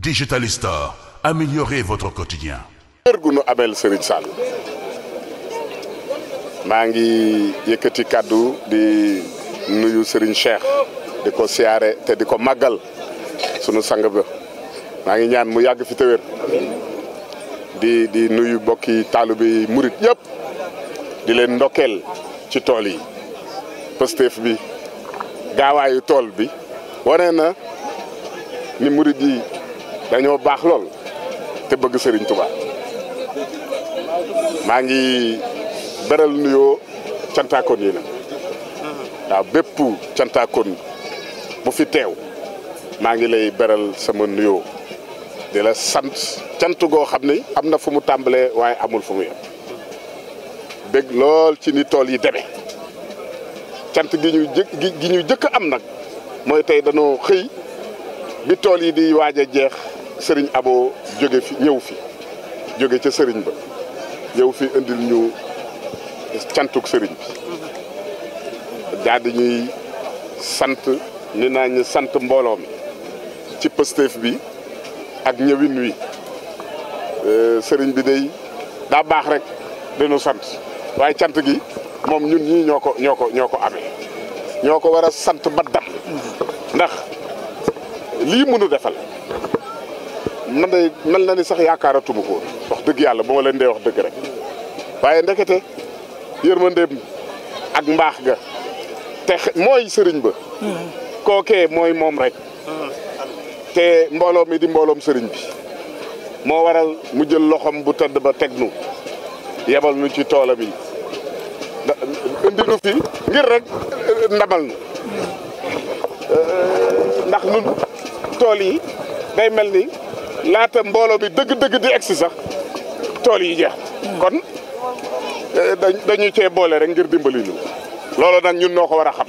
Digital Store, améliorez votre quotidien. kër gu nu amel Serigne Sall maa ngi yëkkati kàddu di nuyu sëriñ Cheikh di ko siyaare te di ko màggal sunu sang ba maa ngi ñaan mu yàgg fi te di di nuyu bokki taalibe bi murit yëpp di leen ndokkeel ci tool yi Pastef bi gaawaayu tool bi wane na ni murit yi dañoo baax lool te bëgg Serigne Touba maa ngi beral nuyoo cantaakoon yi nag waaw bépp cantaakoon bu fi teew maa ngi lay beral sama nuyoo di la sant cant goo xam ni am na fu mu tàmbalee waaye amul fu mu yem bëgg lool ci ni tool yi demee cant gi ñu jëkk gi ñu am nag mooy tey danoo xëy bi tool yi di waaj jeex sëriñ aboo jóge fi ñëw fi jóge ca sëriñ ba ñëw fi indil ñu cantuk sëriñ bi daal ñuy sant ni naa ñu sant mbooloo mi ci pësteef bi ak ñëwin wi euh, sëriñ bi dey daa baax rek dañu sant waaye cant gi moom ñun ñi ñoo ko ñoo ko ñoo amee ñoo ko war a sant ba dab ndax lii mënu defal man day mel na ni sax yaakaaratuma ko wax dëgg yàlla ba ma leen dee wax dëgg rek waaye ndekete yërmandeem ak mbaax ga te mooy sëriñ ba kookee mooy moom rek te mbooloo mi di mbooloom sëriñ bi moo waral mu jël loxoom bu tëdd ba teg nu yebal nu ci toolam yi indi nu fi ngir rek euh, ndamal nu euh, ndax nun tool yi day mel ni laata mbooloo mi dëgg-dëgg di egsi sax tool yi jeex kon eh, dañuy cee boole rek ngir dimbali loolo nag ñun noo ko war a xam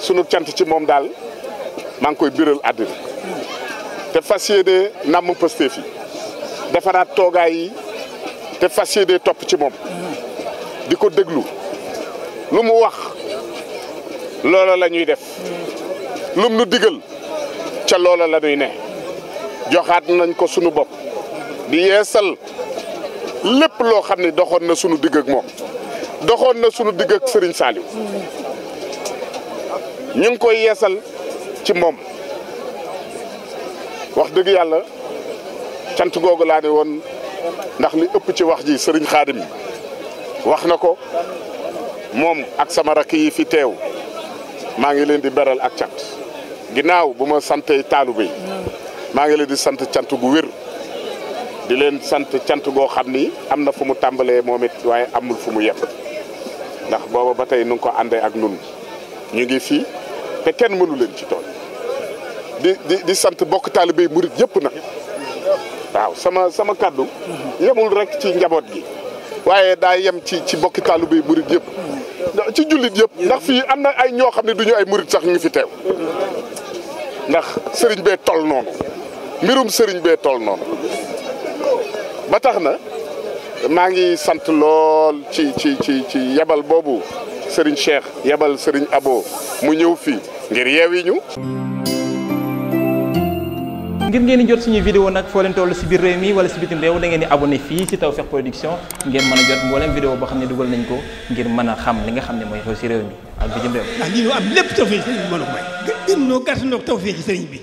sunu cant ci moom daal maa ngi koy biral àddina te fas yéene namm Pastef yi defaraat toogaay yi te fas yéene topp ci moom di ko déglu lu mu wax loolo lañuy def lum nu digal ca loolo la ñuy ne joxaat nañ ko sunu bopp di yeesal lépp loo xam ne doxoon na sunu digg ak moom doxoon na sunu digg ak sëriñ Saliou ñu ngi koy yeesal ci moom wax dëgg yàlla cant googu laa ne woon ndax li ëpp ci wax ji sëriñ Serigne Khadim wax na ko moom ak sama rakk yi fi teew maa ngi leen di beral ak cant ginnaaw bu ma santee taalibe yi maa ngi leen di sant cant gu wér di leen sant cant goo xam ni am na fu mu tàmbalee moom it waaye amul fu mu yem ndax booba ba tey nu ko àndee ak nun ñu ngi fii te kenn mënu leen ci tool di di sant bokk taalibe murit yëpp na waaw sama sama kàddu yemul rek ci njaboot gi waaye daa yem ci ci bokki taalibe murit yépp ci jullit yëpp ndax fii am na ay ñoo xam ne du ñu ay murit sax ñu fi teew ndax sëriñ bee tol noonu mbirum sëriñ bee toll noonu ba tax na maa ngi sant lool ci ci ci ci yebal boobu sëriñ Cheikh yabal sëriñ Abo mu ñëw fii ngir yeewi ñu. ngir ngeen di jot suñu vidéo nag foo leen toll si biir réew mi wala si bitim réew da ngeen di abonné fii si Tawfekh Production ngeen mën a jot mboolem vidéo boo xam ne dugal nañ ko ngir mën a xam li nga xam ne mooy xew si réew mi ak bitim réew. ndax lii am lépp Tawfekh sëriñ bi sëriñ bi.